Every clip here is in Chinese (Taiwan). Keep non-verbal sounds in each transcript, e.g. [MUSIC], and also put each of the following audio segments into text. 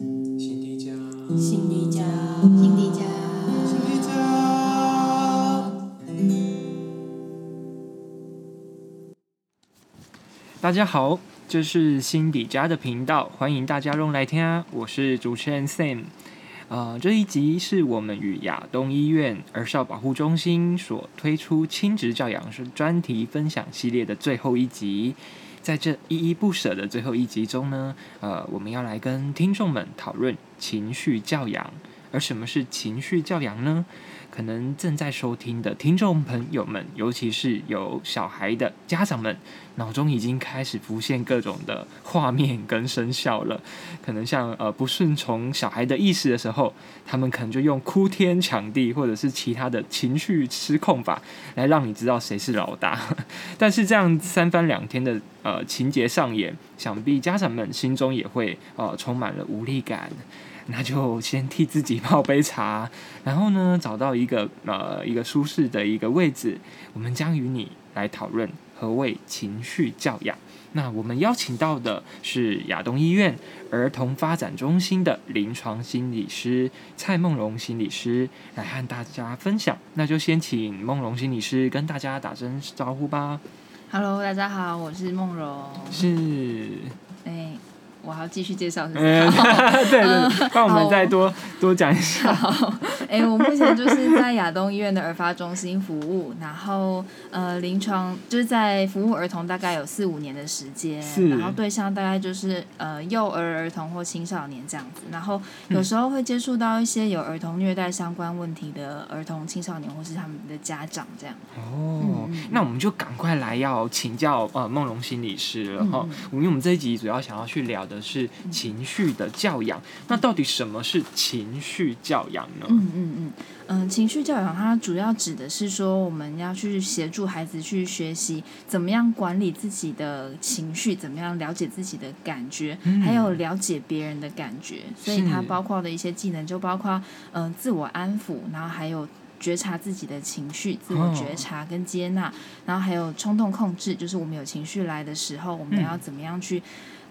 心底家，心底家，心底家，心底家，心底家。嗯，大家好，這是心底家的頻道，歡迎大家用來聽。我是主持人 Sam，呃，這一集是我們與亞東醫院兒少保護中心所推出親職教養是專題分享系列的最後一集。在這依依不舍的最後一集中呢，呃，我們要來跟聽眾們討論情緒教養。而什麼是情緒教養呢？可能正在收聽的聽眾朋友們，尤其是有小孩的家長們，腦中已經開始浮現各種的畫面跟聲效了。可能像呃不順從小孩的意思的時候，他們可能就用哭天搶地或者是其他的情緒失控法來讓你知道誰是老大。但是這樣三番兩天的呃情節上演，想必家長們心中也會呃充滿了無力感。那就先替自己泡杯茶，然後呢，找到一個呃一個舒適的一個位置，我們將與你來討論何謂情緒教養。那我們邀請到的是亞東醫院兒童發展中心的臨床心理師蔡孟蓉心理師來和大家分享。那就先請孟蓉心理師跟大家打聲招呼吧。Hello，大家好，我是孟蓉。是。我還要繼續介紹，嗯，對對對，幫，嗯，我們再多多講一下。好好。哎、欸，我目前就是在亞東醫院的兒發中心服務，然後呃，臨床就是在服務兒童，大概有四五年的時間，是，然後對象大概就是呃幼兒，兒、兒童或青少年這樣子，然後有時候會接觸到一些有兒童虐待相關問題的兒童、青少年或是他們的家長這樣。哦，嗯嗯，那我們就趕快來要請教呃孟蓉心理師了哈、嗯嗯，因為我們這一集主要想要去聊的是情緒的教養、嗯，那到底什麼是情緒教養呢？嗯嗯嗯嗯嗯，情緒教養它主要指的是說，我們要去協助孩子去學習怎麼樣管理自己的情緒，怎麼樣了解自己的感覺，還有了解別人的感覺。嗯、所以它包括的一些技能，就包括嗯、呃、自我安撫，然後還有覺察自己的情緒，自我覺察跟接納、哦，然後還有衝動控制，就是我們有情緒來的時候，我們要怎麼樣去。嗯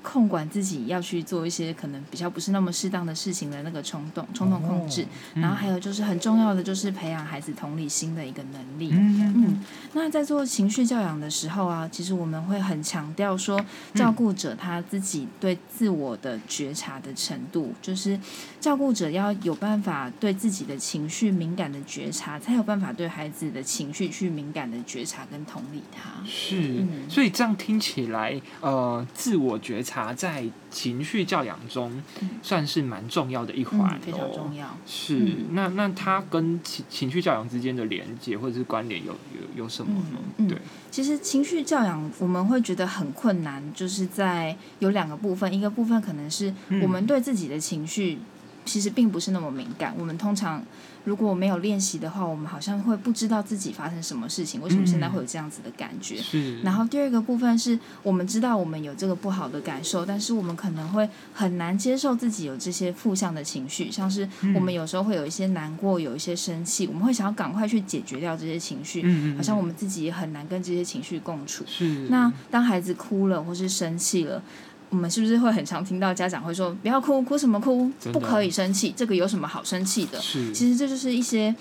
控管自己要去做一些可能比較不是那麼適當的事情的那個衝動，衝動控制。Oh. 然後還有就是很重要的，就是培養孩子同理心的一個能力。Mm -hmm. 嗯，那在做情緒教養的時候啊，其實我們會很強調說，照顧者他自己對自我的覺察的程度，mm -hmm. 就是照顧者要有辦法對自己的情緒敏感的覺察，才有辦法對孩子的情緒去敏感的覺察跟同理他。是、嗯。所以這樣聽起來，呃，自我覺察。它在情緒教養中算是蠻重要的一環。哦嗯，非常重要。是，嗯，那那它跟情情緒教養之間的連接或者是關聯有有有什麼呢？嗯嗯？對，其實情緒教養我們會覺得很困難，就是在有兩個部分，一個部分可能是我們對自己的情緒其實並不是那麼敏感，嗯，我們通常。如果我沒有練習的話，我們好像會不知道自己發生什麼事情。為什麼現在會有這樣子的感覺？嗯，然後第二個部分是我們知道我們有這個不好的感受，但是我們可能會很難接受自己有這些負向的情緒，像是我們有時候會有一些難過，有一些生氣，我們會想要趕快去解決掉這些情緒。嗯，好像我們自己也很難跟這些情緒共處。是。那當孩子哭了或是生氣了，我們是不是會很常聽到家長會說“不要哭，哭什麼哭？不可以生氣，這個有什麼好生氣的？”是，其實這就是一些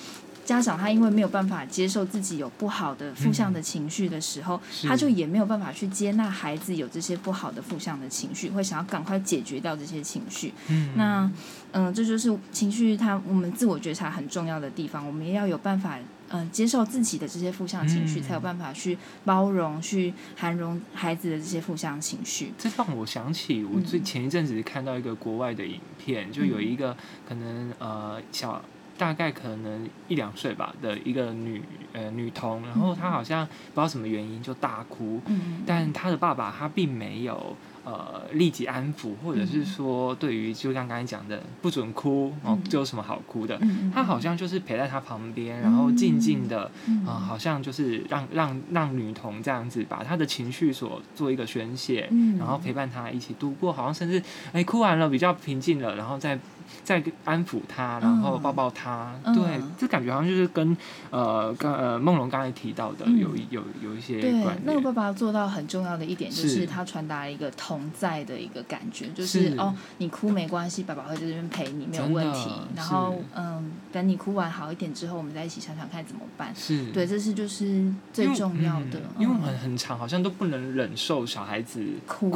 家長他因為沒有辦法接受自己有不好的負向的情緒的時候，嗯，他就也沒有辦法去接納孩子有這些不好的負向的情緒，會想要趕快解決掉這些情緒。嗯，那嗯、呃，這就是情緒他，他我們自我覺察很重要的地方，我們也要有辦法，嗯，接受自己的這些負向情緒，才有辦法去包容、嗯、去涵容孩子的這些負向情緒。這讓我想起，我最前一陣子看到一個國外的影片，嗯、就有一個可能呃小大概可能一兩歲吧的一個女呃女童，然後她好像不知道什麼原因就大哭，嗯、但她的爸爸他並沒有。呃，立即安撫，或者是說，對於就像剛才講的，不准哭，哦，這有什麼好哭的？嗯。他好像就是陪在他旁邊，嗯、然後靜靜的，啊、嗯呃，好像就是讓讓讓女童這樣子把他的情緒所做一個宣洩，嗯，然後陪伴他一起度過，好像甚至哎哭完了比較平靜了，然後再。在安撫他，然後抱抱他，嗯、對、嗯，這感覺好像就是跟呃，跟呃，孟蓉剛才提到的有有有，有一些關係。那個爸爸做到很重要的一點就是，他傳達了一個同在的一個感覺，是就是，是哦，你哭沒關係，爸爸會在這邊陪你，沒有問題。然後嗯，等你哭完好一點之後，我們再一起想想看怎麼辦。是，對，這是就是最重要的。因為、嗯嗯、因為我們很常，好像都不能忍受小孩子哭，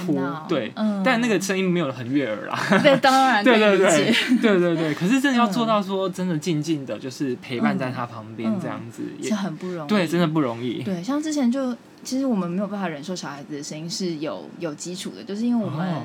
對、嗯，但那個聲音沒有很悅耳啦。對當然，對對對。 [LAUGHS] [LAUGHS] 對對對，可是真的要做到說真的靜靜的，就是陪伴在他旁邊這樣子也，也、嗯嗯、是很不容易。對，真的不容易。對，像之前就其實我們沒有辦法忍受小孩子的聲音是有有基礎的，就是因為我們。哦。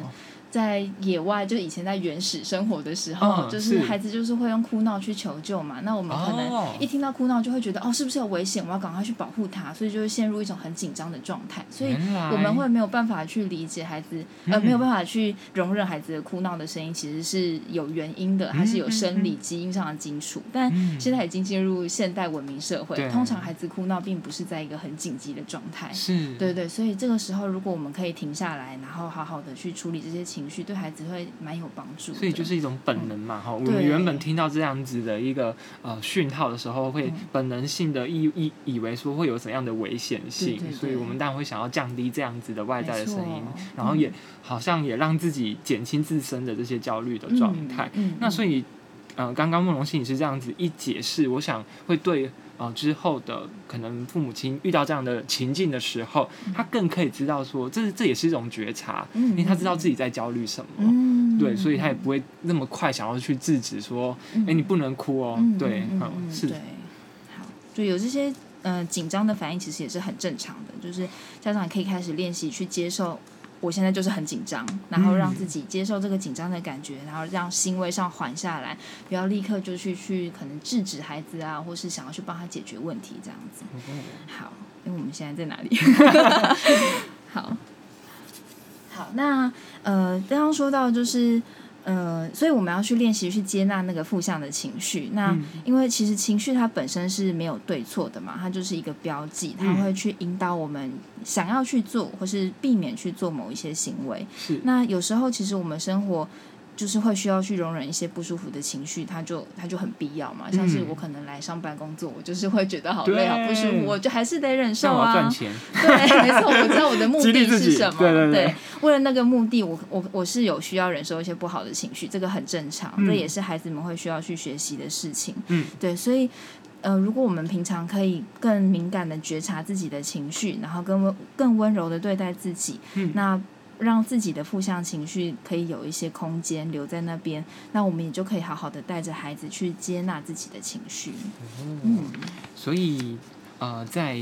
在野外，就以前在原始生活的時候，oh, 就是孩子就是會用哭鬧去求救嘛。那我們可能一聽到哭鬧，就會覺得，oh. 哦，是不是有危險？我要趕快去保護他，所以就會陷入一種很緊張的狀態。所以我們會沒有辦法去理解孩子，呃，沒有辦法去容忍孩子的哭鬧的聲音，其實是有原因的，它是有生理基因上的基礎。但現在已經進入現代文明社會，通常孩子哭鬧並不是在一個很緊急的狀態。是，對對。所以這個時候，如果我們可以停下來，然後好好的去處理這些情。對孩子會蠻有幫助，所以就是一種本能嘛，哈、嗯。我們原本聽到這樣子的一個呃訊號的時候，會本能性的以，、嗯、以為說會有怎樣的危險性對對對，所以我們當然會想要降低這樣子的外在的聲音，然後也、嗯、好像也讓自己減輕自身的這些焦慮的狀態。嗯、那所以、嗯，呃，剛剛孟蓉心也是這樣子一解釋，我想會對。啊、嗯，之後的可能父母親遇到這樣的情境的時候，嗯、他更可以知道說，這這也是一種覺察、嗯嗯，因為他知道自己在焦慮什麼、嗯，對，所以他也不會那麼快想要去制止說、嗯欸，你不能哭哦，嗯、對，嗯，是的，就有這些呃緊張的反應，其實也是很正常的，就是家長可以開始練習去接受。我現在就是很緊張，然後讓自己接受這個緊張的感覺，然後讓行為上緩下來，不要立刻就去去可能制止孩子啊，或是想要去幫他解決問題這樣子。Okay. 好，因為我們現在在哪裡？ [LAUGHS] [LAUGHS] 好好，那呃，剛剛說到的就是。嗯、呃，所以我們要去練習去接納那個負向的情緒。那因為其實情緒它本身是沒有對錯的嘛，它就是一個標記，它會去引導我們想要去做或是避免去做某一些行為。是。那有時候其實我們生活。就是會需要去容忍一些不舒服的情緒，他就他就很必要嘛。像是我可能來上班工作，我就是會覺得好累啊，不舒服，我就還是得忍受啊。要我要賺錢。對，沒錯，我知道我的目的是什麼。對，對，對，對，為了那個目的，我我我是有需要忍受一些不好的情緒，這個很正常。嗯，這也是孩子們會需要去學習的事情。嗯，對，所以呃，如果我們平常可以更敏感的覺察自己的情緒，然後更溫更溫柔的對待自己，嗯、那。讓自己的負向情緒可以有一些空間留在那邊，那我們也就可以好好的帶着孩子去接納自己的情緒。哦、嗯，所以呃，在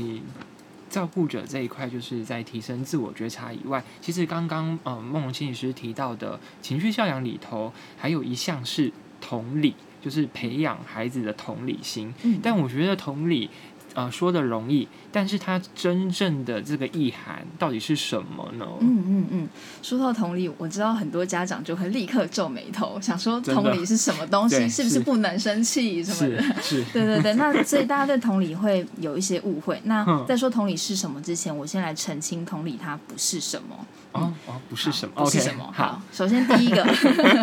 照顧者這一塊，就是在提升自我覺察以外，其實剛剛呃，孟蓉心理師提到的情緒教養裡頭，還有一項是同理，就是培養孩子的同理心。嗯，但我覺得同理。啊、呃，說得容易，但是它真正的這個意涵到底是什麼呢？嗯嗯嗯，說到同理，我知道很多家長就會立刻皺眉頭，想說同理是什麼東西，是、是不是不能生氣什麼的？對對對。那所以大家在同理會有一些誤會。 [LAUGHS] 那在說同理是什麼之前，我先來澄清同理它不是什麼。哦、oh, oh, oh, 不是什麼，OK，什、okay. 麼。好，首先第一個，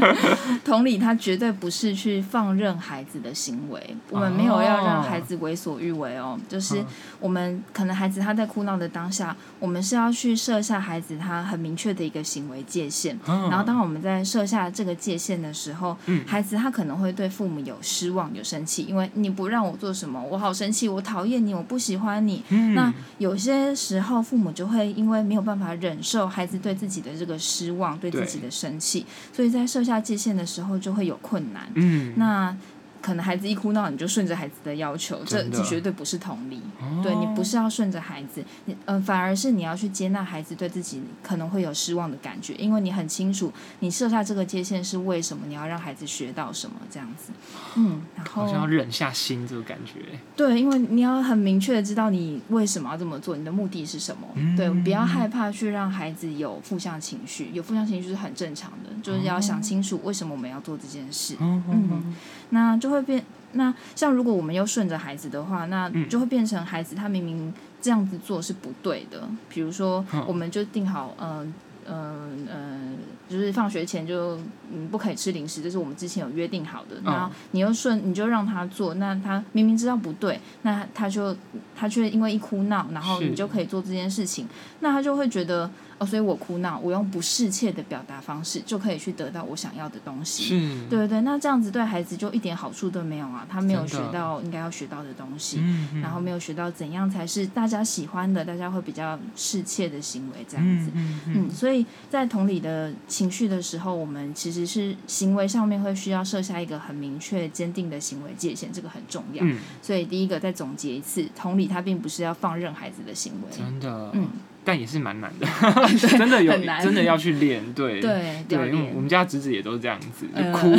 [LAUGHS] 同理，他絕對不是去放任孩子的行為。 [LAUGHS] 我們沒有要讓孩子為所欲為哦。Oh. 就是我們、oh. 可能孩子他在哭鬧的當下，我們是要去設下孩子他很明確的一個行為界限。Oh. 然後，當我們在設下這個界限的時候，嗯、oh.，孩子他可能會對父母有失望、有生氣，因為你不讓我做什麼，我好生氣，我討厭你，我不喜歡你。Oh. 那有些時候，父母就會因為沒有辦法忍受孩子。對自己的這個失望，對自己的生氣，所以在設下界限的時候就會有困難。嗯，那。可能孩子一哭鬧，你就順着孩子的要求，這絕對不是同理。哦、對，你不是要順着孩子，你嗯、呃，反而是你要去接納孩子對自己可能會有失望的感覺，因為你很清楚你設下這個界限是為什麼，你要讓孩子學到什麼這樣子。嗯，然後就要忍下心這個感覺。對，因為你要很明確的知道你為什麼要這麼做，你的目的是什麼？嗯。對，不要害怕去讓孩子有負向情緒，有負向情緒是很正常的，就是要想清楚為什麼我們要做這件事。嗯嗯。嗯那就會變，那像如果我們又順着孩子的話，那就會變成孩子他明明這樣子做是不對的。比如說，我們就定好，嗯嗯嗯，就是放學前就嗯不可以吃零食，這就是我們之前有約定好的。哦。然後你又順，你就讓他做，那他明明知道不對，那他就他卻因為一哭鬧，然後你就可以做這件事情，那他就會覺得。所以我哭鬧，我用不適切的表達方式就可以去得到我想要的東西。對對，那這樣子對孩子就一點好處都沒有啊，他沒有學到應該要學到的東西的，然後沒有學到怎樣才是大家喜歡的，大家會比較適切的行為這樣子。嗯，嗯，所以，在同理的情緒的時候，我們其實是行為上面會需要設下一個很明確、堅定的行為界限，這個很重要。嗯。所以，第一個再總結一次，同理他並不是要放任孩子的行為。真的。嗯。但也是蠻難的， [LAUGHS] 真的有真的要去練，對對對，因為我們家侄子也都是這樣子，就哭，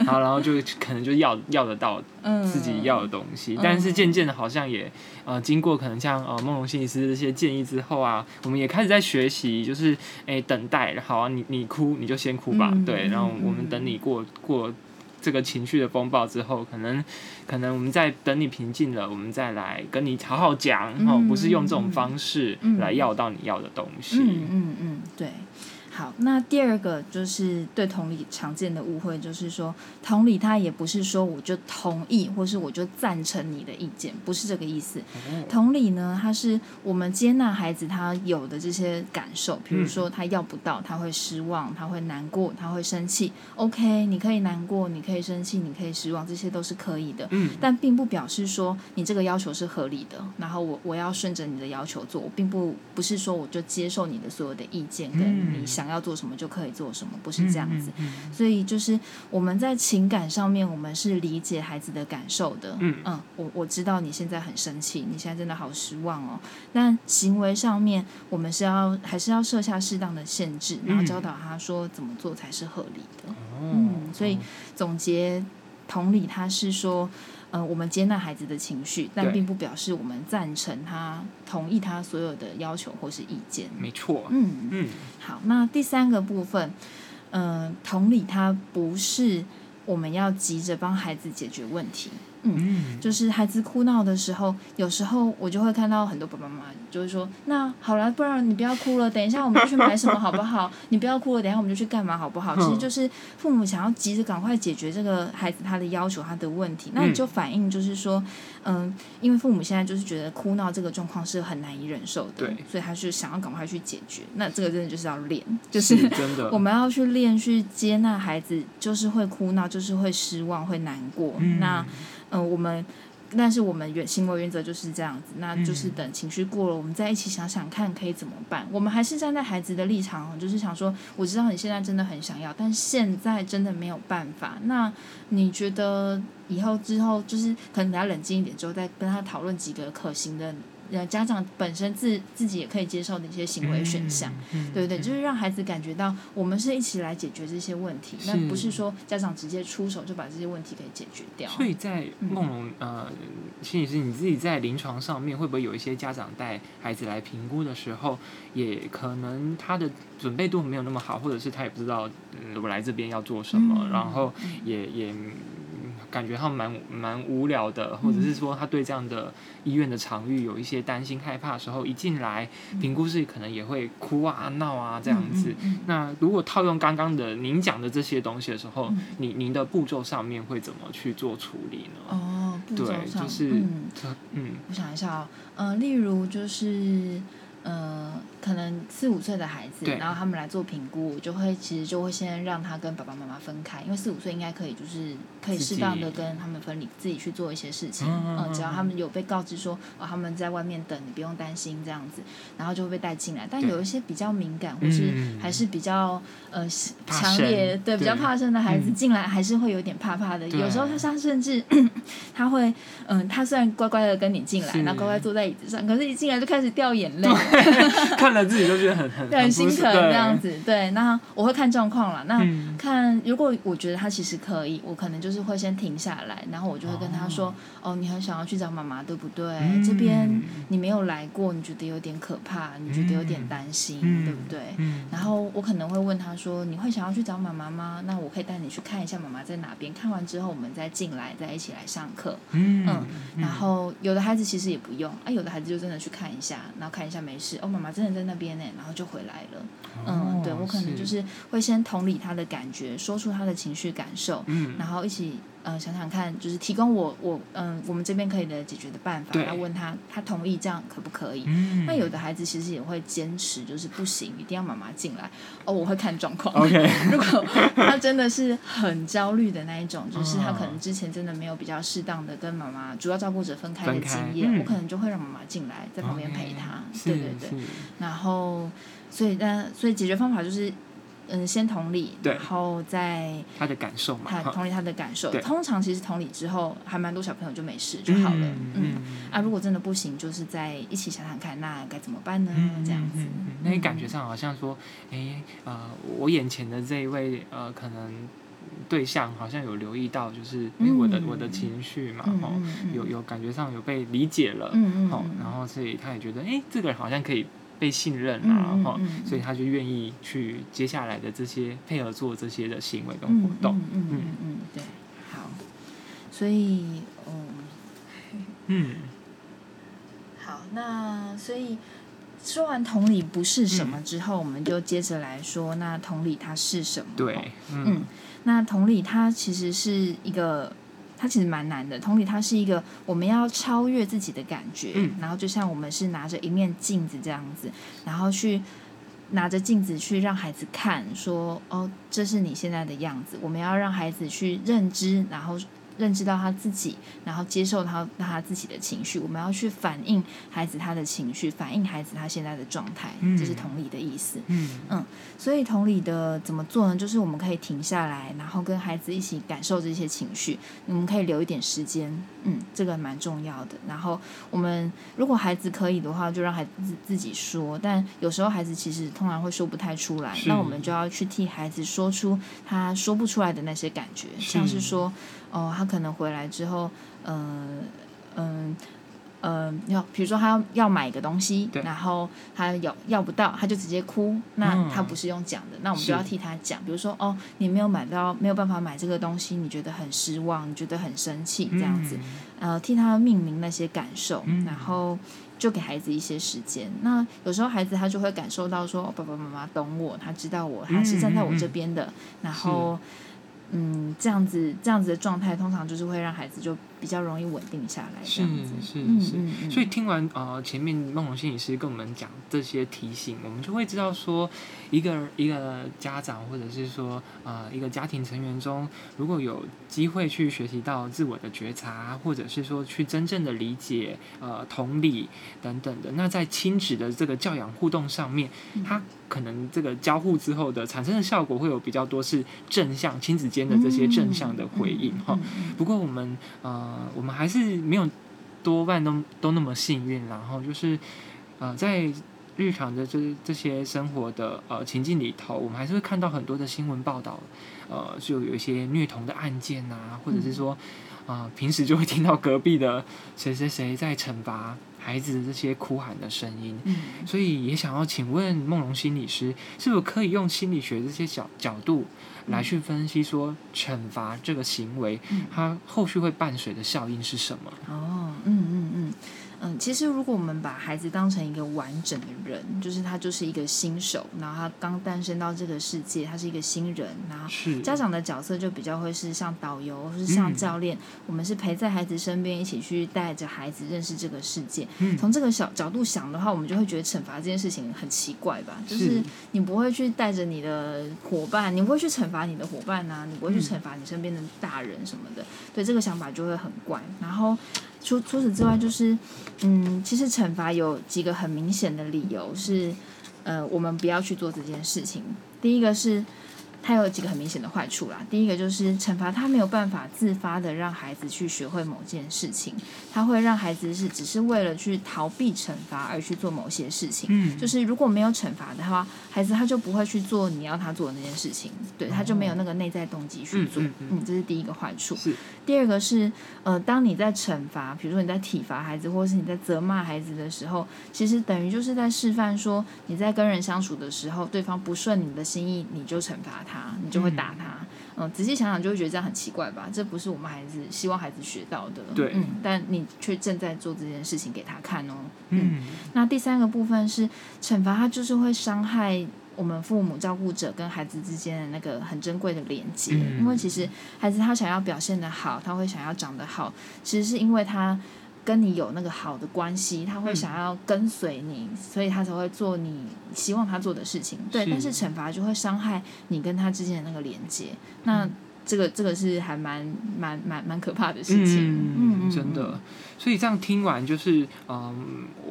然、嗯、後 [LAUGHS] 然後就可能就要要得到自己要的東西，嗯、但是漸漸的好像也呃，經過可能像呃，孟蓉心理師這些建議之後啊，我們也開始在學習，就是哎、欸，等待，好啊，你你哭你就先哭吧、嗯，對，然後我們等你過過。這個情緒的風暴之後，可能，可能我們在等你平靜了，我們再來跟你好好講，齁、嗯，不是用這種方式來要到你要的東西。嗯嗯，嗯，對。好，那第二個就是對同理常見的誤會，就是說同理他也不是說我就同意或是我就贊成你的意見，不是這個意思。哦、同理呢，他是我們接納孩子他有的這些感受，比如說他要不到，他會失望，他會難過，他會生氣。OK，你可以難過，你可以生氣，你可以失望，這些都是可以的。嗯。但並不表示說你這個要求是合理的，然後我我要順着你的要求做，我並不不是說我就接受你的所有的意見跟你想。嗯要做什麼就可以做什麼，不是這樣子。嗯嗯嗯、所以就是我們在情感上面，我們是理解孩子的感受的。嗯，嗯我我知道你現在很生氣，你現在真的好失望哦。但行為上面，我們是要還是要設下適當的限制，然後教導他說怎麼做才是合理的。嗯，嗯所以總結同理，他是說。呃，我們接納孩子的情緒，但並不表示我們贊成他、同意他所有的要求或是意見。沒錯，嗯嗯，好，那第三個部分，嗯、呃，同理，他不是我們要急着幫孩子解決問題。嗯，嗯，就是孩子哭鬧的時候，有時候我就會看到很多爸爸媽媽就是說，那好啦，不然你不要哭了，等一下我們就去買什麼好不好？ [LAUGHS] 你不要哭了，等一下我們就去幹嘛好不好？其實就是父母想要急着趕快解決這個孩子他的要求、他的問題，那你就反映就是說嗯，嗯，因為父母現在就是覺得哭鬧這個狀況是很難以忍受的，對，所以他就想要趕快去解決。那這個真的就是要練，就是真的，我們要去練去接納孩子，就是會哭鬧，就是會失望，會難過，嗯、那。嗯、呃，我們但是我們原行為原則就是這樣子，那就是等情緒過了，嗯、我們再一起想想看可以怎麼辦。我們還是站在孩子的立場，就是想說，我知道你現在真的很想要，但現在真的沒有辦法。那你覺得以後之後，就是可能等他冷靜一點之後，再跟他討論幾個可行的。呃，家長本身自自己也可以接受的一些行為選項、嗯嗯嗯，對不對？就是讓孩子感覺到我們是一起來解決這些問題，那不是說家長直接出手就把這些問題給解決掉。所以在孟蓉、嗯、呃心理師，你自己在臨床上面會不會有一些家長帶孩子來評估的時候，也可能他的準備度沒有那麼好，或者是他也不知道、呃、我來這邊要做什麼，嗯嗯、然後也也。感覺他蠻蠻無聊的，或者是說他對這樣的醫院的場域有一些擔心、嗯、害怕的時候一進，一進來評估室可能也會哭啊、鬧啊這樣子。嗯嗯嗯。那如果套用剛剛的您講的這些東西的時候，您、嗯、您的步驟上面會怎麼去做處理呢？哦，步驟上，對，就是嗯嗯，我想一下哦，嗯、呃，例如就是。嗯、呃，可能四五歲的孩子，然後他們來做評估，就會其實就會先讓他跟爸爸媽媽分開，因為四五歲應該可以就是可以適當的跟他們分離，自己去做一些事情。嗯、呃、只要他們有被告知說，哦，他們在外面等，你不用擔心這樣子，然後就會被帶進來。但有一些比較敏感或是還是比較、嗯、呃強烈，對，對比較怕生的孩子進來還是會有點怕怕的。有時候他他甚至他會，嗯、呃，他雖然乖乖的跟你進來，然後乖乖坐在椅子上，可是一進來就開始掉眼淚。 [LAUGHS] 看了自己都覺得很很 [LAUGHS] 很心疼這樣子， [LAUGHS] 對，那我會看狀況啦。那、嗯、看如果我覺得他其實可以，我可能就是會先停下來，然後我就會跟他說：“哦，哦你很想要去找媽媽，對不對？嗯、這邊你沒有來過，你覺得有點可怕，你覺得有點擔心、嗯，對不對、嗯？”然後我可能會問他說：“你會想要去找媽媽嗎？”那我可以帶你去看一下媽媽在哪邊。看完之後，我們再進來，再一起來上課、嗯。嗯，然後有的孩子其實也不用，啊，有的孩子就真的去看一下，然後看一下沒事。哦，媽媽真的在那邊呢，然後就回來了、哦。嗯，對，我可能就是會先同理他的感覺，說出他的情緒感受，嗯、然後一起。嗯，想想看，就是提供我我嗯，我們這邊可以的解決的辦法，來問他他同意這樣可不可以、嗯？那有的孩子其實也會堅持，就是不行，一定要媽媽進來。哦，我會看狀況。Okay. 如果他真的是很焦慮的那一種，就是他可能之前真的沒有比較適當的跟媽媽主要照顧者分開的經驗，嗯、我可能就會讓媽媽進來，在旁邊陪他。Okay. 對對對。然後，所以那所以解決方法就是。嗯，先同理，對，然後再他的感受嘛，他，同理他的感受。通常其實同理之後，還蠻多小朋友就沒事就好了，嗯嗯。嗯，啊，如果真的不行，就是再一起想想看，那該怎麼辦呢？嗯、這樣子，嗯、那感覺上好像說，哎、嗯呃，我眼前的這一位呃，可能對象好像有留意到，就是、嗯、我的我的情緒嘛，嗯、吼，嗯、有有感覺上有被理解了，嗯嗯，然後所以他也覺得，哎，這個人好像可以被信任啊，嗯嗯嗯、所以他就願意去接下來的這些配合做這些的行為跟活動，嗯嗯嗯，嗯，對，好，所以嗯，嗯，好，那所以說完同理不是什麼之後，嗯、我們就接着來說，那同理它是什麼？對，嗯，嗯那同理它其實是一個。它其實蠻難的，同理，它是一個我們要超越自己的感覺，嗯，然後就像我們是拿着一面鏡子這樣子，然後去拿着鏡子去讓孩子看，說哦，這是你現在的樣子，我們要讓孩子去認知，然後。認知到他自己，然後接受他他自己的情緒。我們要去反映孩子他的情緒，反映孩子他現在的狀態，這、嗯就是同理的意思。嗯嗯，所以同理的怎麼做呢？就是我們可以停下來，然後跟孩子一起感受這些情緒。我們可以留一點時間，嗯，這個蠻重要的。然後我們如果孩子可以的話，就讓孩子自，自己說。但有時候孩子其實通常會說不太出來，那我們就要去替孩子說出他說不出來的那些感覺，是像是說。哦，他可能回來之後，嗯嗯嗯，要、呃呃、比如說他要要買一個東西，然後他要要不到，他就直接哭。那他不是用講的，哦、那我們就要替他講。比如說，哦，你沒有買到，沒有辦法買這個東西，你覺得很失望，你覺得很生氣，這樣子，呃、嗯，替他命名那些感受、嗯，然後就給孩子一些時間。那有時候孩子他就會感受到說，哦、爸爸媽媽懂我，他知道我，嗯、他是站在我這邊的，嗯、然後。嗯，這樣子，這樣子的狀態，通常就是會讓孩子就。比較容易穩定下來是。是是是、嗯嗯，所以聽完啊、呃，前面孟蓉心理師跟我們講這些提醒，我們就會知道說，一個一個家長或者是說啊、呃，一個家庭成員中，如果有機會去學習到自我的覺察，或者是說去真正的理解啊、呃，同理等等的，那在親子的這個教養互動上面，他可能這個交互之後的產生的效果會有比較多是正向，親子間的這些正向的回應哈、嗯嗯嗯嗯嗯。不過我們啊。呃呃，我們還是沒有多半都都那麼幸運，然後就是呃，在日常的這這些生活的呃情境裡頭，我們還是會看到很多的新聞報道，呃，就有一些虐童的案件啊，或者是說。嗯啊、嗯，平時就會聽到隔壁的誰誰誰在懲罰孩子的這些哭喊的聲音、嗯，所以也想要請問孟蓉心理師，是不是可以用心理學這些角角度來去分析說，懲罰這個行為、嗯，它後續會伴隨的效應是什麼？哦、嗯，嗯嗯嗯。嗯嗯，其實如果我們把孩子當成一個完整的人，就是他就是一個新手，然後他剛誕生到這個世界，他是一個新人，然後家長的角色就比較會是像導遊或是像教練、嗯，我們是陪在孩子身邊一起去帶着孩子認識這個世界。嗯、從這個小角度想的話，我們就會覺得懲罰這件事情很奇怪吧，就是你不會去帶着你的夥伴，你不會去懲罰你的夥伴吶、啊，你不會去懲罰你身邊的大人什麼的，嗯、對，這個想法就會很怪，然後。除除此之外，就是，嗯，其實懲罰有幾個很明顯的理由是，呃，我們不要去做這件事情。第一個是。他有幾個很明顯的壞處啦。第一個就是懲罰，他沒有辦法自發的讓孩子去學會某件事情，他會讓孩子是只是為了去逃避懲罰而去做某些事情。嗯，就是如果沒有懲罰的話，孩子他就不會去做你要他做的那件事情，對，他就沒有那個內在動機去做，嗯。嗯，這是第一個壞處。是。第二個是，呃，當你在懲罰，比如說你在體罰孩子，或者是你在責罵孩子的時候，其實等於就是在示範說，你在跟人相處的時候，對方不順你的心意，你就懲罰他。你就會打他。嗯，嗯，仔細想想就會覺得這樣很奇怪吧？這不是我們孩子希望孩子學到的，對、嗯。但你卻正在做這件事情給他看哦，嗯。嗯，那第三個部分是懲罰他，就是會傷害我們父母照顧者跟孩子之間的那個很珍貴的連接、嗯，因為其實孩子他想要表現得好，他會想要長得好，其實是因為他。跟你有那個好的關係，他會想要跟隨你、嗯，所以他才會做你希望他做的事情。對，但是懲罰就會傷害你跟他之間的那個連接、嗯。那這個這個是還蠻蠻蠻蠻可怕的事情嗯，嗯，真的。所以這樣聽完，就是嗯、呃，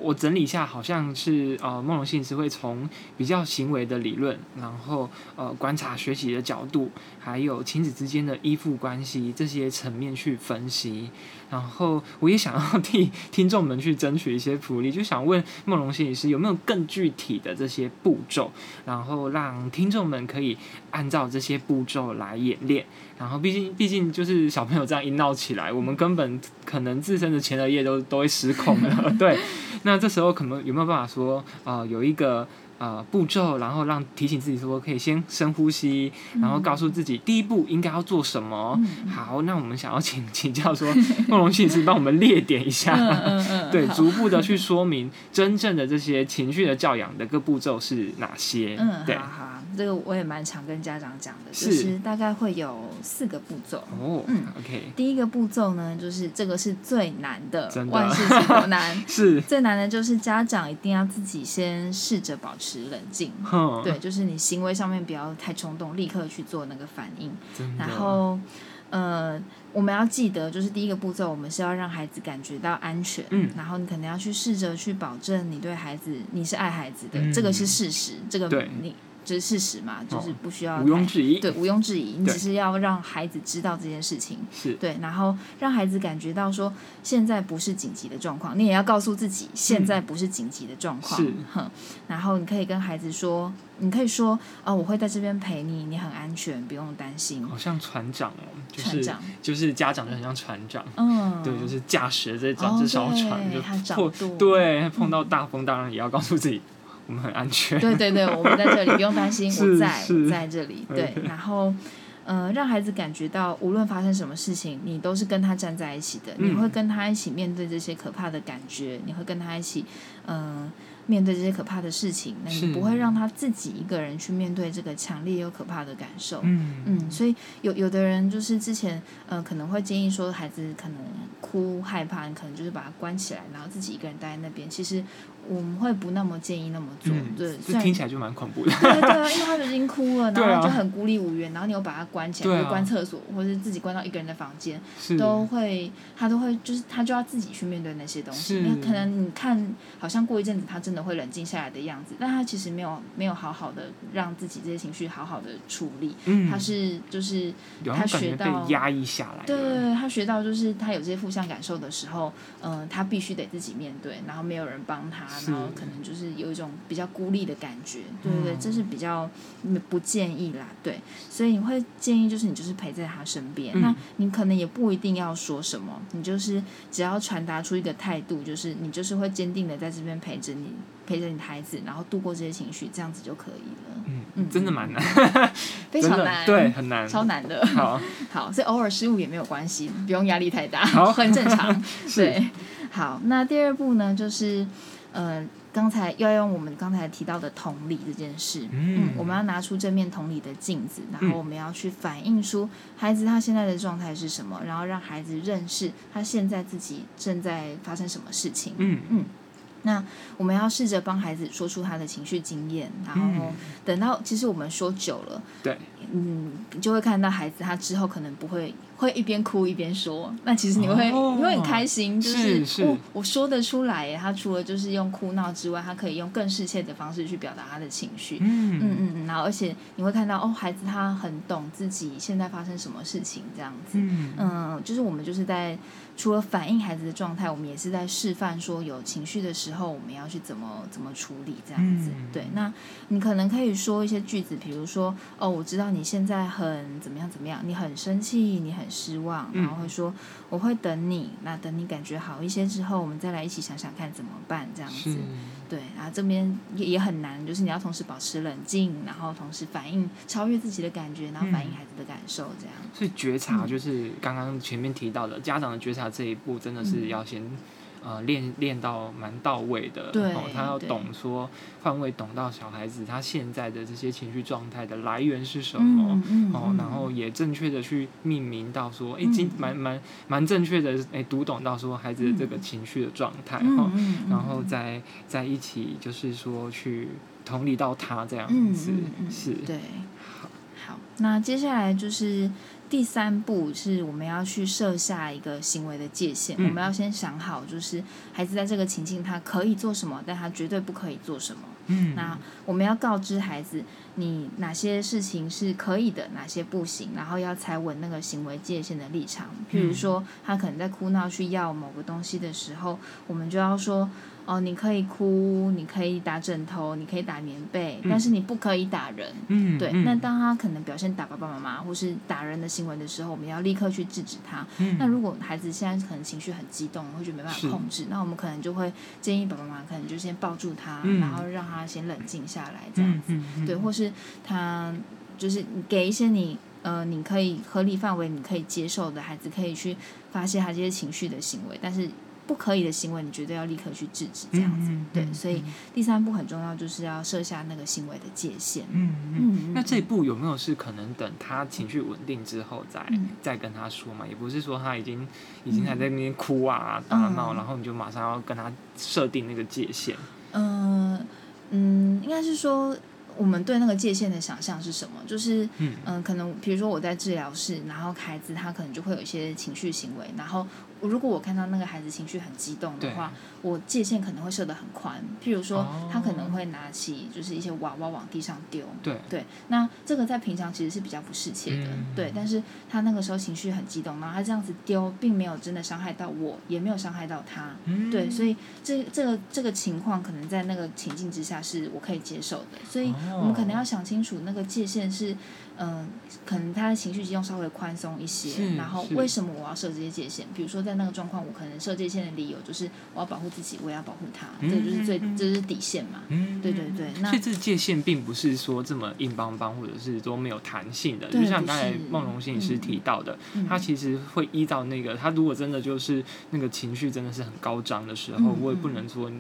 我整理一下，好像是呃，孟蓉心理師是會從比較行為的理論，然後呃，觀察學習的角度，還有親子之間的依附關係這些層面去分析。然後我也想要替聽眾們去爭取一些福利，就想問孟蓉心理師有沒有更具體的這些步驟，然後讓聽眾們可以按照這些步驟來演練。然後畢竟畢竟就是小朋友這樣一鬧起來，我們根本可能自身的前額葉都都會失控了。 [LAUGHS] 對，那這時候可能有沒有辦法說啊、呃，有一個。呃，步驟，然後讓提醒自己說可以先深呼吸、嗯，然後告訴自己第一步應該要做什麼。嗯、好，那我們想要請請教說，孟 [LAUGHS] 蓉老師幫我們列點一下，嗯嗯嗯、 [LAUGHS] 對，逐步的去說明真正的這些情緒的教養的各步驟是哪些。嗯，對好，好這個我也蠻常跟家長講的，其實、就是、大概會有四個步驟。哦，嗯，OK，第一個步驟呢，就是這個是最難的，真的萬事開頭難， [LAUGHS] 是最難的，就是家長一定要自己先試着保持。時冷靜，對，就是你行為上面不要太衝動，立刻去做那個反應。然後，呃，我們要記得，就是第一個步驟，我們是要讓孩子感覺到安全、嗯。然後你可能要去試着去保證你對孩子，你是愛孩子的，嗯、這個是事實。這個，你。這是事實嘛？哦、就是不需要毋庸置疑，對，毋庸置疑。你只是要讓孩子知道這件事情，是，對，然後讓孩子感覺到說現在不是緊急的狀況，你也要告訴自己現在不是緊急的狀況，哼、嗯。然後你可以跟孩子說，你可以說，哦、我會在這邊陪你，你很安全，不用擔心。好像船長哦、欸就是，船長就是家長就很像船長，嗯，對，就是駕駛這這小船，哦、就碰對碰到大風大浪，也要告訴自己。嗯我們很安全。 [LAUGHS] 對對對，我們在這裡， [LAUGHS] 不用擔心，我在，是是在這裡。對，然後，呃，讓孩子感覺到，無論發生什麼事情，你都是跟他站在一起的，嗯、你會跟他一起面對這些可怕的感覺，你會跟他一起，嗯、呃。面對這些可怕的事情，那你不會讓他自己一個人去面對這個強烈又可怕的感受。嗯，嗯，所以有有的人就是之前、呃、可能會建議說，孩子可能哭害怕，你可能就是把他關起來，然後自己一個人待在那邊。其實我們會不那麼建議那麼做，對。嗯、雖然這聽起來就蠻恐怖的。對對對啊，因為他已經哭了，然後就很孤立無援，然後你又把他關起來，啊、或關廁所，或者是自己關到一個人的房間，都會他都會就是他就要自己去面對那些東西。那可能你看好像過一陣子他真的。會冷靜下來的樣子，但他其實沒有沒有好好的讓自己這些情緒好好的處理，嗯、他是就是他學到壓抑下來，對對對，他學到就是他有這些負向感受的時候，嗯、呃，他必須得自己面對，然後沒有人幫他，然後可能就是有一種比較孤立的感覺，嗯、對對，這是比較不建議啦，對，所以你會建議就是你就是陪在他身邊、嗯，那你可能也不一定要說什麼，你就是只要傳達出一個態度，就是你就是會堅定的在這邊陪着你。陪着你的孩子，然後度過這些情緒，這樣子就可以了。嗯，嗯，真的蠻難的， [LAUGHS] 非常難，對，很難，超難的。好， [LAUGHS] 好，所以偶爾失誤也沒有關係，不用壓力太大，好，很正常。 [LAUGHS] 對，好，那第二步呢，就是，呃，剛才要用我們剛才提到的同理這件事，嗯，嗯，我們要拿出正面同理的鏡子，然後我們要去反映出孩子他現在的狀態是什麼，然後讓孩子認識他現在自己正在發生什麼事情。嗯嗯。那我們要試着幫孩子說出他的情緒經驗，然後等到其實我們說久了，對，嗯，嗯，就會看到孩子他之後可能不會。會一邊哭一邊說，那其實你會、oh, 你會很開心，就是我是是我,我說得出來。他除了就是用哭鬧之外，他可以用更適切的方式去表達他的情緒。Mm. 嗯嗯嗯，然後而且你會看到哦，孩子他很懂自己現在發生什麼事情這樣子。嗯、mm. 嗯，就是我們就是在除了反映孩子的狀態，我們也是在示範說有情緒的時候我們要去怎麼怎麼處理這樣子。Mm. 對，那你可能可以說一些句子，比如說哦，我知道你現在很怎麼樣怎麼樣，你很生氣，你很。失望，然後會說我會等你。那等你感覺好一些之後，我們再來一起想想看怎麼辦。這樣子，對。然後這邊也也很難，就是你要同時保持冷靜，然後同時反應超越自己的感覺，嗯、然後反應孩子的感受，這樣。所以覺察就是剛剛前面提到的、嗯，家長的覺察這一步真的是要先。嗯.呃，練練到蠻到位的，對，哦，他要懂說換位，懂到小孩子他現在的這些情緒狀態的來源是什麼，嗯嗯嗯、哦，然後也正確的去命名到說，嗯、哎，經蠻蠻蠻，蠻正確的，哎，讀懂到說孩子的這個情緒的狀態，哈、嗯哦嗯嗯，然後再再一起就是說去同理到他這樣子，嗯嗯嗯、是，對好，好，那接下來就是。第三步是我們要去設下一個行為的界限，嗯、我們要先想好，就是孩子在這個情境他可以做什麼，但他絕對不可以做什麼。嗯，那我們要告知孩子，你哪些事情是可以的，哪些不行，然後要踩穩那個行為界限的立場。嗯、比如說，他可能在哭鬧去要某個東西的時候，我們就要說。哦，你可以哭，你可以打枕頭，你可以打棉被，嗯、但是你不可以打人。嗯，對。嗯、那當他可能表現打爸爸媽媽或是打人的行為的時候，我們要立刻去制止他。嗯。那如果孩子現在可能情緒很激動，或者沒辦法控制，那我們可能就會建議爸爸媽媽可能就先抱住他，嗯、然後讓他先冷靜下來這樣子。嗯，嗯，嗯，對，或是他就是給一些你呃，你可以合理範圍，你可以接受的、孩子可以去發洩他這些情緒的行為，但是。不可以的行為，你絕對要立刻去制止，這樣子、嗯嗯、對。所以第三步很重要，就是要設下那個行為的界限。嗯嗯。那這一步有沒有是可能等他情緒穩定之後再、嗯、再跟他說嘛？也不是說他已經已經還在那邊哭啊、大、嗯、鬧，啊、然後然後你就馬上要跟他設定那個界限？嗯嗯，應該是說我們對那個界限的想象是什麼？就是嗯、嗯，可能比如說我在治療室，然後孩子他可能就會有一些情緒行為，然後。如果我看到那個孩子情緒很激動的話，我界限可能會設得很寬。譬如說，他可能會拿起就是一些娃娃往地上丟。對。那這個在平常其實是比較不適切的，嗯，對。但是他那個時候情緒很激動，然後他這樣子丟，並沒有真的傷害到我，也沒有傷害到他，嗯。對。所以這這個這個情況，可能在那個情境之下是我可以接受的。所以我們可能要想清楚，那個界限是。嗯、呃，可能他的情緒激動稍微寬鬆一些，然後為什麼我要設這些界限？比如說在那個狀況，我可能設界限的理由就是我要保護自己，我也要保護他，這、嗯、就是最，這、就是底線嘛。嗯，對對對。嗯、那、其實這界限並不是說這麼硬邦邦，或者是多沒有彈性的，就像剛才孟蓉心理師提到的、嗯，他其實會依照那個，他如果真的就是那個情緒真的是很高漲的時候、嗯，我也不能說。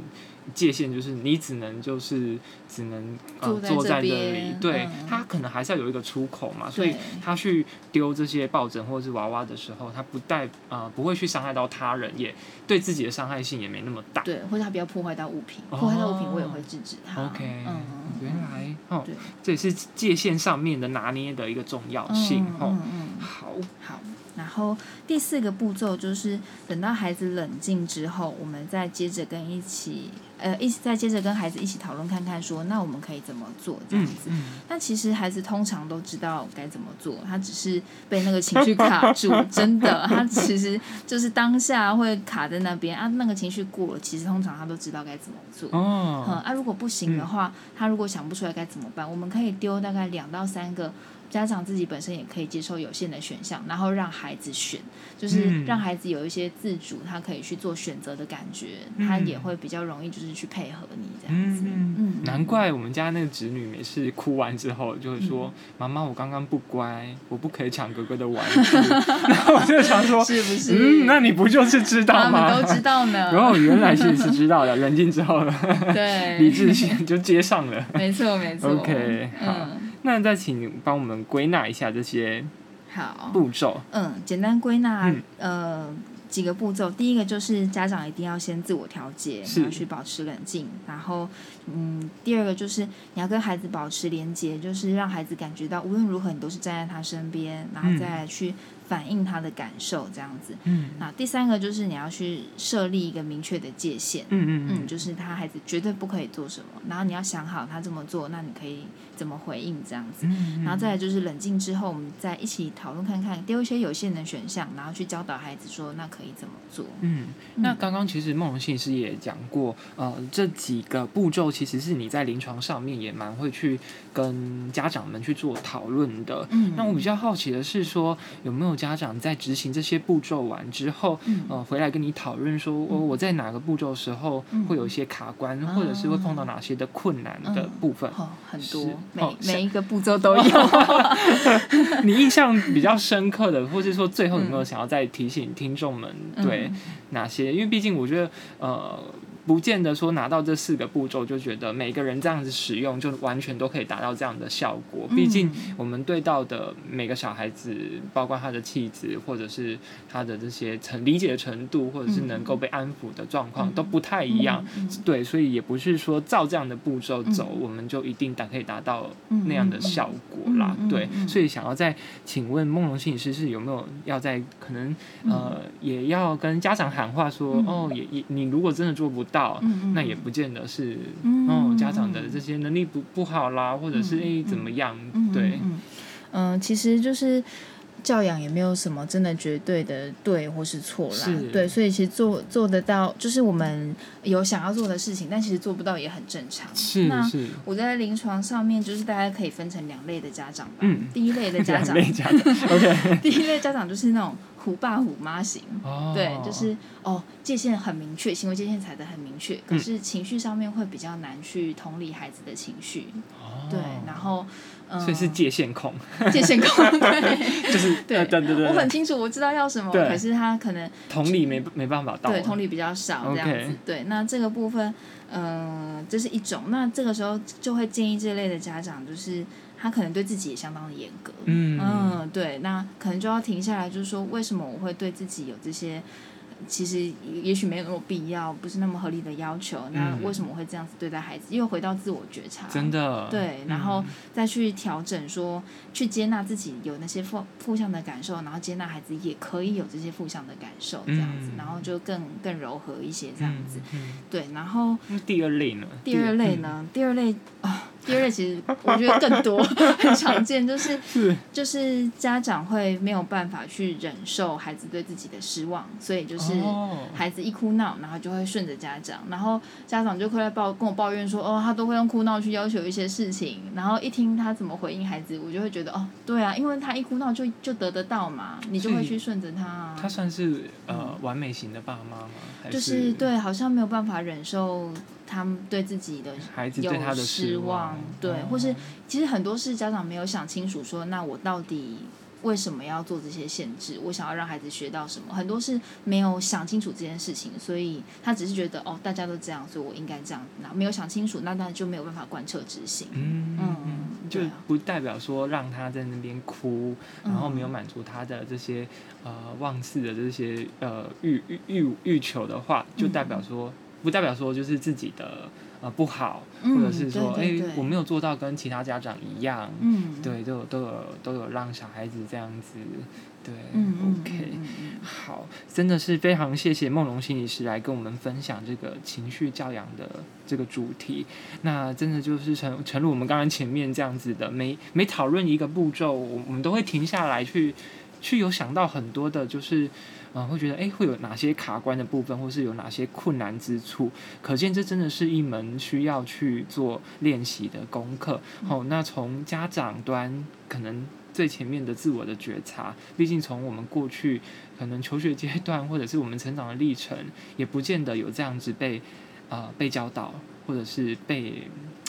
界限就是你只能就是只能呃坐在那裡，這對、嗯、他可能還是要有一個出口嘛，所以他去丟這些抱枕或者是娃娃的時候，他不帶啊、呃、不會去傷害到他人也，也對自己的傷害性也沒那麼大，對，或者他不要破壞到物品，哦、破壞到物品我也會制止他、哦。OK，、嗯、原來哦，這也是界限上面的拿捏的一個重要性、嗯、哦。嗯，好好。然後第四個步驟就是等到孩子冷靜之後，我們再接着跟一起，呃，一起再接着跟孩子一起討論，看看說，那我們可以怎麼做這樣子。那、嗯嗯、其實孩子通常都知道該怎麼做，他只是被那個情緒卡住， [LAUGHS] 真的，他其實就是當下會卡在那邊啊。那個情緒過了，其實通常他都知道該怎麼做。哦，嗯、啊，如果不行的話、嗯，他如果想不出來該怎麼辦，我們可以丟大概兩到三個。家長自己本身也可以接受有限的選項，然後讓孩子選，就是讓孩子有一些自主，他可以去做選擇的感覺、嗯，他也會比較容易，就是去配合你這樣子。嗯嗯嗯、難怪我們家那個侄女每次哭完之後就會說：“媽、嗯、媽，媽媽我剛剛不乖，我不可以搶哥哥的玩具。 [LAUGHS] ”然後我就想說：“是不是？嗯，那你不就是知道嗎？他們都知道呢。然後原來是你是知道的， [LAUGHS] 冷靜之後呢，對，理智性就接上了。沒錯，沒錯。OK，、嗯、好。”那再請你幫我們歸納一下這些好步驟好。嗯，簡單歸納、嗯、呃幾個步驟。第一個就是家長一定要先自我調節，然後去保持冷靜。然後嗯，第二個就是你要跟孩子保持連接，就是讓孩子感覺到無論如何你都是站在他身邊。然後再去反映他的感受，這樣子。嗯。那第三個就是你要去設立一個明確的界限。嗯嗯嗯，嗯。就是他孩子絕對不可以做什麼。然後你要想好他這麼做，那你可以。怎麼回應這樣子，然後再來就是冷靜之後，我們再一起討論看看，丟一些有限的選項，然後去教導孩子說那可以怎麼做。嗯，那剛剛其實孟蓉信師也講過，呃，這幾個步驟其實是你在臨床上面也蠻會去跟家長們去做討論的。嗯，那我比較好奇的是說有沒有家長在執行這些步驟完之後，嗯、呃，回來跟你討論說、嗯，哦，我在哪個步驟時候會有一些卡關，嗯、或者是會碰到哪些的困難的部分？哦、嗯嗯，很多。每、哦、每一個步驟都有， [LAUGHS] 你印象比較深刻的，或是說最後有沒有想要再提醒聽眾們、嗯、對哪些？因為畢竟我覺得，呃。不見得說拿到這四個步驟，就覺得每個人這樣子使用就完全都可以達到這樣的效果。畢竟我們對到的每個小孩子，包括他的氣質，或者是他的這些程理解，的程度，或者是能夠被安撫的狀況、嗯、都不太一樣。對，所以也不是說照這樣的步驟走、嗯，我們就一定達可以達到那樣的效果啦。嗯嗯嗯、對，所以想要再請問孟蓉心理師是有沒有要再可能呃也要跟家長喊話說、嗯、哦，也也你如果真的做不到，嗯嗯那也不見得是嗯嗯哦，家長的這些能力不不好啦，或者是誒、欸、怎麼樣？對，嗯，嗯，嗯、呃，其實就是教養也沒有什麼真的絕對的對或是錯啦是。對，所以其實做做得到，就是我們有想要做的事情，但其實做不到也很正常。是，是那我在臨床上面，就是大概可以分成兩類的家長吧。嗯，第一類的家長，家長 [LAUGHS] okay. 第一類家長就是那種。虎爸虎媽型，oh. 對，就是哦，界限很明確行為界限踩的很明確，嗯，可是情緒上面會比較難去同理孩子的情緒。Oh. 對，然後嗯、呃，所以是界限控，界限控，對， [LAUGHS] 就是對啊，對對對，我很清楚，我知道要什麼，可是他可能同理沒沒辦法到，對，同理比較少這樣子。Okay. 對，那這個部分，嗯、呃，這、就是一種。那這個時候就會建議這類的家長就是。他可能對自己也相當的嚴格，嗯，嗯對，那可能就要停下來，就是說，為什麼我會對自己有這些，其實也許沒有那麼必要，不是那麼合理的要求，嗯、那為什麼我會這樣子對待孩子？又回到自我覺察，真的，對，然後再去調整說，說、嗯、去接納自己有那些負負向的感受，然後接納孩子也可以有這些負向的感受、嗯，這樣子，然後就更更柔和一些，這樣子、嗯嗯，對，然後。那第二類呢？第二類呢？第二，第二類啊。第二類，其實我覺得更多 [LAUGHS] 很常見，就是是就是家長會沒有辦法去忍受孩子對自己的失望，所以就是孩子一哭鬧，然後就會順着家長，然後家長就會來抱跟我抱怨說，哦，他都會用哭鬧去要求一些事情，然後一聽他怎麼回應孩子，我就會覺得哦，對啊，因為他一哭鬧就就得得到嘛，你就會去順着他。他算是呃、嗯、完美型的爸媽嗎？就是對，好像沒有辦法忍受。他們對自己的孩子對他的失望，有失望嗯、對，或是其實很多是家長沒有想清楚說，說那我到底為什麼要做這些限制？我想要讓孩子學到什麼？很多是沒有想清楚這件事情，所以他只是覺得哦，大家都這樣，所以我應該這樣。那沒有想清楚，那他就沒有辦法貫徹執行。嗯嗯，嗯，就不代表說讓他在那邊哭、嗯，然後沒有滿足他的這些呃忘事的這些呃欲欲欲求的話，就代表說。嗯不代表說就是自己的呃不好，或者是說、嗯、對對對誒我沒有做到跟其他家長一樣，嗯、對，都有都有都有讓小孩子這樣子，對、嗯、，OK、嗯嗯、好，真的是非常謝謝孟蓉心理師來跟我們分享這個情緒教養的這個主題，那真的就是誠誠如我們剛剛前面這樣子的，每每討論一個步驟，我們都會停下來去去有想到很多的，就是。啊、嗯，會覺得誒，會有哪些卡關的部分，或是有哪些困難之處？可見這真的是一門需要去做練習的功課。好、嗯哦，那從家長端，可能最前面的自我的覺察，畢竟從我們過去可能求學階段，或者是我們成長的歷程，也不見得有這樣子被，啊、呃、被教導，或者是被。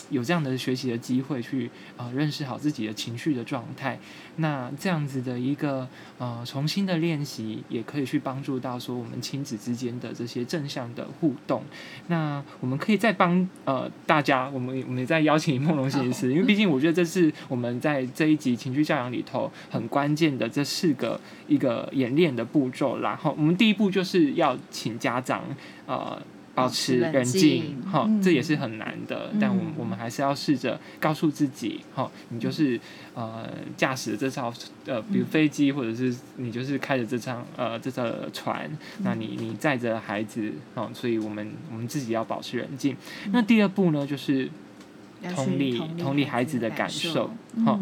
有這樣的學習的機會去，去、呃、啊認識好自己的情緒的狀態。那這樣子的一個啊、呃、重新的練習，也可以去幫助到說我們親子之間的這些正向的互動。那我們可以再幫呃大家，我們我們再邀請孟蓉先生，因為畢竟我覺得這是我們在這一集情緒教養裡頭很關鍵的這四個一個演練的步驟。然後我們第一步就是要請家長呃。保持冷靜，哈、哦嗯，這也是很難的。嗯、但，我我們還是要試着告訴自己，哈、哦，你就是、嗯、呃駕駛這艘呃，比如飛機、嗯，或者是你就是開着這艘呃這艘船，那、嗯、你你載着孩子，哦、所以我們我們自己要保持冷靜、嗯。那第二步呢，就是。同理，同理孩子的感受，好、嗯哦。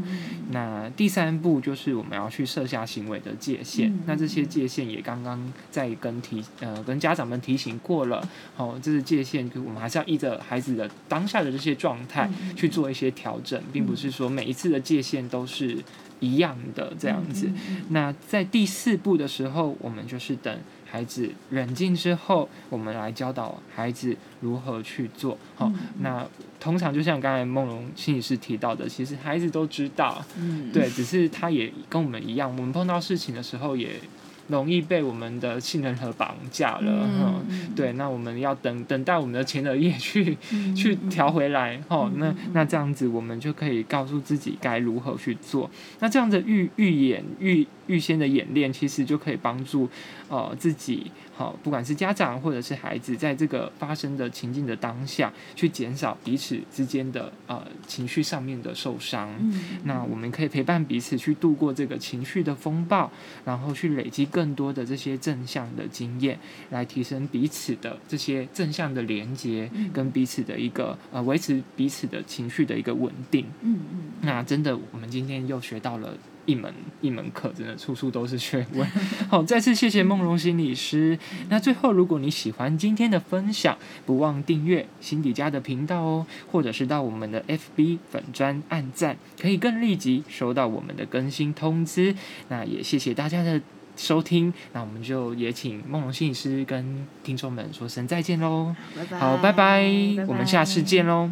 那第三步就是我們要去設下行為的界限。嗯、那這些界限也剛剛在跟提呃跟家長們提醒過了，好、哦，這是界限。我們還是要依着孩子的當下的這些狀態、嗯、去做一些調整，並不是說每一次的界限都是一樣的、嗯、這樣子、嗯。那在第四步的時候，我們就是等孩子冷靜之後，我們來教導孩子如何去做。好、哦嗯，那。通常就像剛才孟蓉心理師提到的，其實孩子都知道、嗯，對，只是他也跟我們一樣，我們碰到事情的時候也容易被我們的杏仁核綁架了、嗯，對，那我們要等等待我們的前額葉去、嗯、去調回來，哦、嗯，那那這樣子我們就可以告訴自己該如何去做，那這樣子預預演預。預先的演練其實就可以幫助，呃，自己好、哦，不管是家長或者是孩子，在這個發生的情境的當下，去減少彼此之間的呃情緒上面的受傷。嗯。那我們可以陪伴彼此去度過這個情緒的風暴，然後去累積更多的這些正向的經驗，來提升彼此的這些正向的連接，跟彼此的一個呃維持彼此的情緒的一個穩定。嗯嗯。那真的，我們今天又學到了。一門一門課真的處處都是學問， [LAUGHS] 好，再次謝謝孟蓉心理師。嗯嗯。那最後，如果你喜歡今天的分享，不忘訂閱心底家的頻道哦，或者是到我們的 FB 粉專按讚，可以更立即收到我們的更新通知。那也謝謝大家的收聽，那我們就也請孟蓉心理師跟聽眾們說聲再見嘍，好，拜拜，拜拜，我們下次見嘍。